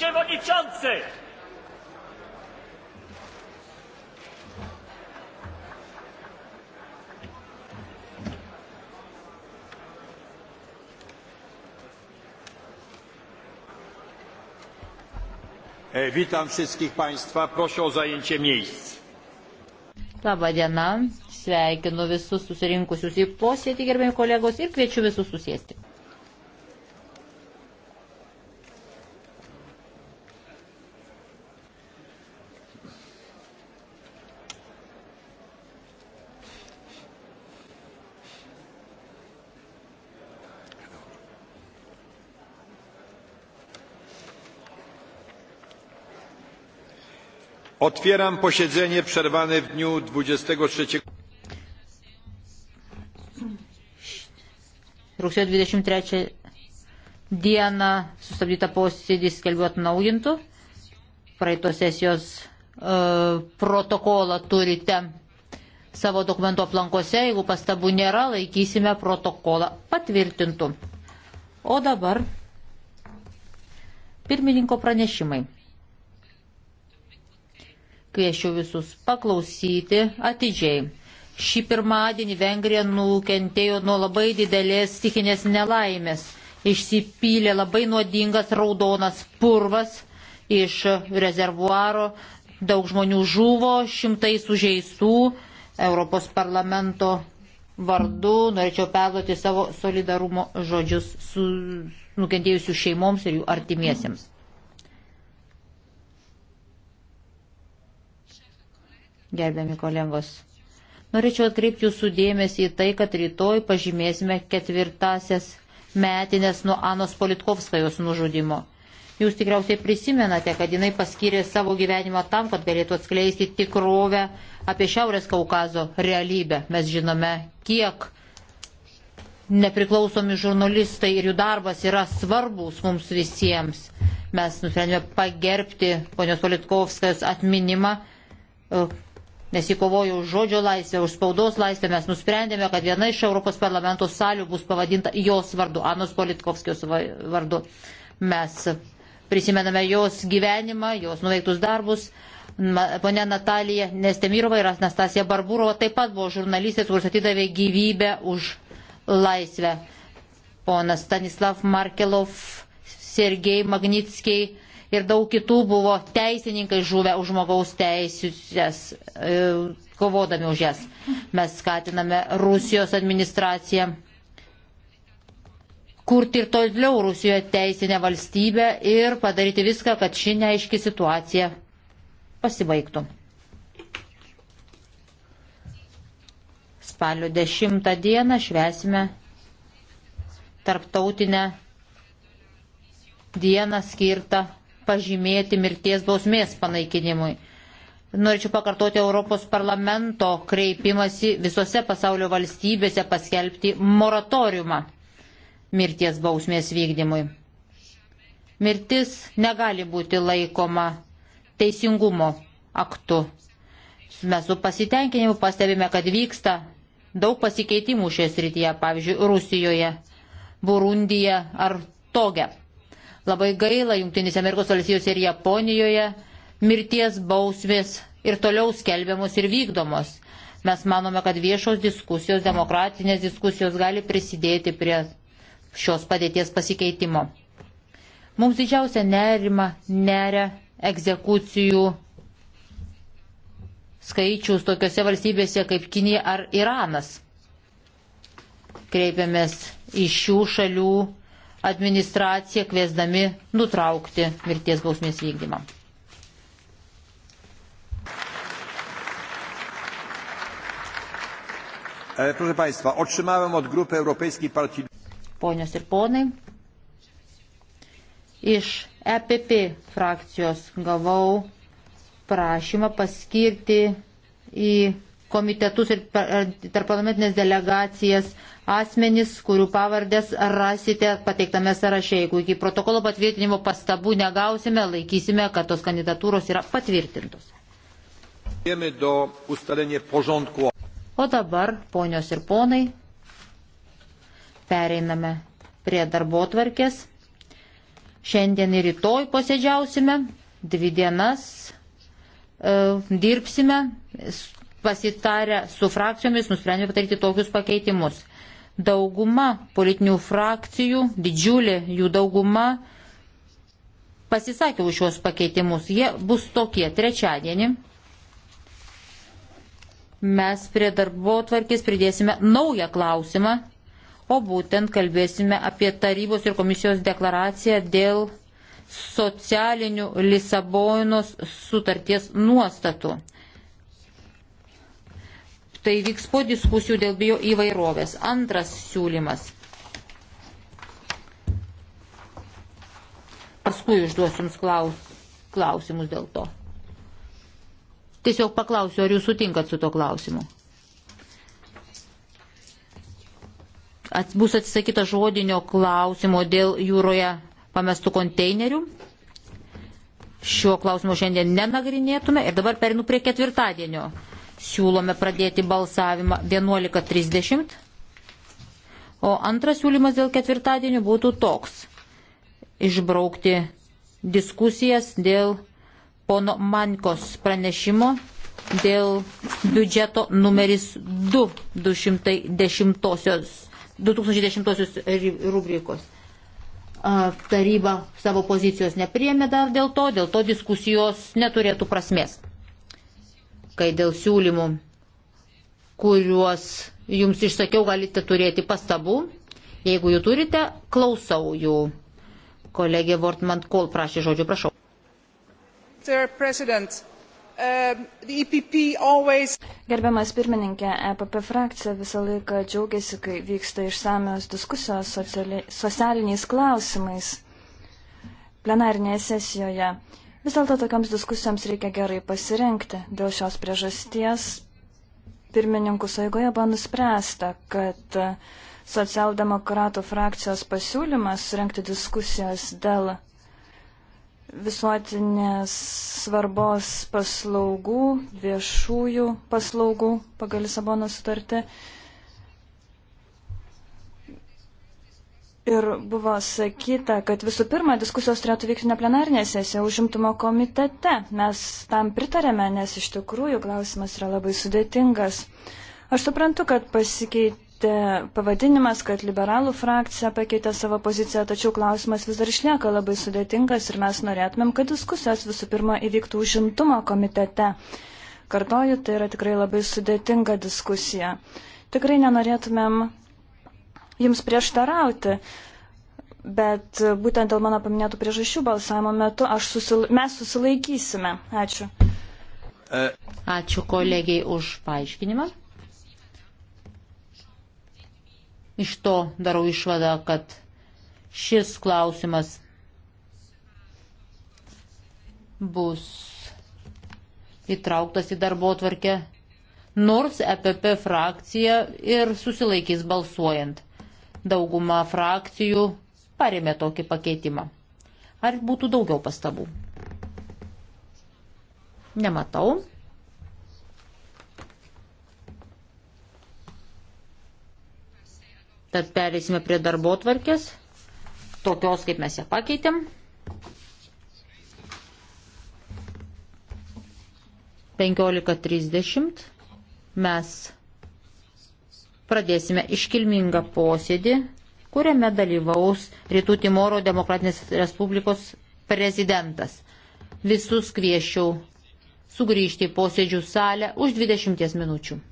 przewodniczący! E, witam wszystkich Państwa. Proszę o zajęcie miejsc. Labą dieną. Sveikinu visus susirinkusius į posėdį, gerbėjai kolegos, ir kviečiu visus susėsti. Otwieram posiedzenie przerwane w dniu 23. Rūksėjo 23 dieną sustabdytą posėdį skelbiu atnaujintų. Praeitos sesijos uh, protokolą turite savo dokumento aplankose. Jeigu pastabų nėra, laikysime protokolą patvirtintų. O dabar pirmininko pranešimai. Kviečiu visus paklausyti atidžiai. Šį pirmadienį Vengrija nukentėjo nuo labai didelės stikinės nelaimės. Išsipylė labai nuodingas raudonas purvas iš rezervuaro. Daug žmonių žuvo, šimtai sužeistų. Europos parlamento vardu norėčiau perduoti savo solidarumo žodžius su nukentėjusių šeimoms ir jų artimiesiems. gerbiami kolegos. Norėčiau atkreipti jūsų dėmesį į tai, kad rytoj pažymėsime ketvirtasias metinės nuo Anos Politkovskajos nužudimo. Jūs tikriausiai prisimenate, kad jinai paskyrė savo gyvenimą tam, kad galėtų atskleisti tikrovę apie Šiaurės Kaukazo realybę. Mes žinome, kiek nepriklausomi žurnalistai ir jų darbas yra svarbus mums visiems. Mes nusprendėme pagerbti ponios Politkovskajos atminimą nes įkovojo už žodžio laisvę, už spaudos laisvę, mes nusprendėme, kad viena iš Europos parlamento salių bus pavadinta jos vardu, Anos Politkovskijos vardu. Mes prisimename jos gyvenimą, jos nuveiktus darbus. Pone Natalija Nestemirova ir Anastasija Barburova taip pat buvo žurnalistės, kuris atidavė gyvybę už laisvę. Ponas Stanislav Markelov, Sergei Magnitskiai ir daug kitų buvo teisininkai žuvę už žmogaus teisės, e, kovodami už jas. Mes skatiname Rusijos administraciją kurti ir toliau Rusijoje teisinę valstybę ir padaryti viską, kad ši neaiški situacija pasibaigtų. Spalio 10 dieną švesime tarptautinę dieną skirtą pažymėti mirties bausmės panaikinimui. Norėčiau pakartoti Europos parlamento kreipimasi visose pasaulio valstybėse paskelbti moratoriumą mirties bausmės vykdymui. Mirtis negali būti laikoma teisingumo aktu. Mes su pasitenkinimu pastebime, kad vyksta daug pasikeitimų šioje srityje, pavyzdžiui, Rusijoje, Burundija ar Toge. Labai gaila Junktinėse Amerikos valstijose ir Japonijoje mirties bausmės ir toliau skelbiamos ir vykdomos. Mes manome, kad viešos diskusijos, demokratinės diskusijos gali prisidėti prie šios padėties pasikeitimo. Mums didžiausia nerima neria egzekucijų skaičius tokiuose valstybėse kaip Kinija ar Iranas. Kreipiamės iš šių šalių administraciją kviesdami nutraukti mirties bausmės vykdymą. E, proszę Państwa, otrzymałem od Grupy Europejskiej Partii. Ponios ir ponai, iš EPP frakcijos gavau prašymą paskirti į komitetus ir tarpalamentinės delegacijas asmenys, kurių pavardės rasite pateiktame sąraše. Jeigu iki protokolo patvirtinimo pastabų negausime, laikysime, kad tos kandidatūros yra patvirtintos. O dabar, ponios ir ponai, pereiname prie darbo tvarkės. Šiandien ir rytoj posėdžiausime, dvi dienas e, dirbsime, pasitarę su frakcijomis nusprendėme pateikti tokius pakeitimus. Dauguma politinių frakcijų, didžiulė jų dauguma pasisakė už šios pakeitimus. Jie bus tokie trečiadienį. Mes prie darbo tvarkės pridėsime naują klausimą, o būtent kalbėsime apie tarybos ir komisijos deklaraciją dėl socialinių Lisabonos sutarties nuostatų. Tai vyks po diskusijų dėl bio įvairovės. Antras siūlymas. Paskui užduosiu jums klaus, klausimus dėl to. Tiesiog paklausiu, ar jūs sutinkat su to klausimu. At, bus atsisakyta žodinio klausimo dėl jūroje pamestų konteinerių. Šio klausimo šiandien nenagrinėtume ir dabar perinu prie ketvirtadienio siūlome pradėti balsavimą 11.30, o antras siūlymas dėl ketvirtadienio būtų toks - išbraukti diskusijas dėl pono Mankos pranešimo dėl biudžeto numeris 2 210, 2010 rubrikos. Taryba savo pozicijos nepriemė dar dėl to, dėl to diskusijos neturėtų prasmės kai dėl siūlymų, kuriuos jums išsakiau, galite turėti pastabų. Jeigu jų turite, klausau jų. Kolegė Vortman Kol prašė žodžio, prašau. Um, e always... Gerbiamas pirmininkė, EPP frakcija visą laiką džiaugiasi, kai vyksta išsamios diskusijos sociali... socialiniais klausimais plenarinėje sesijoje. Vis dėlto tokiams diskusijoms reikia gerai pasirinkti. Dėl šios priežasties pirmininkų saigoje buvo nuspręsta, kad socialdemokratų frakcijos pasiūlymas surenkti diskusijas dėl visuotinės svarbos paslaugų, viešųjų paslaugų pagal Lisabono sutartį Ir buvo sakyta, kad visų pirma diskusijos turėtų vykti ne plenarinė sesija, užimtumo komitete. Mes tam pritarėme, nes iš tikrųjų klausimas yra labai sudėtingas. Aš suprantu, kad pasikeitė pavadinimas, kad liberalų frakcija pakeitė savo poziciją, tačiau klausimas vis dar išlieka labai sudėtingas ir mes norėtumėm, kad diskusijos visų pirma įvyktų užimtumo komitete. Kartoju, tai yra tikrai labai sudėtinga diskusija. Tikrai nenorėtumėm jums prieštarauti, bet būtent dėl mano paminėtų priežasčių balsavimo metu susil... mes susilaikysime. Ačiū. Ačiū kolegiai už paaiškinimą. Iš to darau išvadą, kad šis klausimas bus įtrauktas į darbo atvarkę, nors EPP frakcija ir susilaikys balsuojant. Dauguma frakcijų paremė tokį pakeitimą. Ar būtų daugiau pastabų? Nematau. Tad perėsime prie darbo tvarkės, tokios kaip mes ją pakeitėm. penkiolika trisdešimt mes pradėsime iškilmingą posėdį, kuriame dalyvaus Rytų Timoro Demokratinės Respublikos prezidentas. Visus kvieščiau sugrįžti į posėdžių salę už 20 minučių.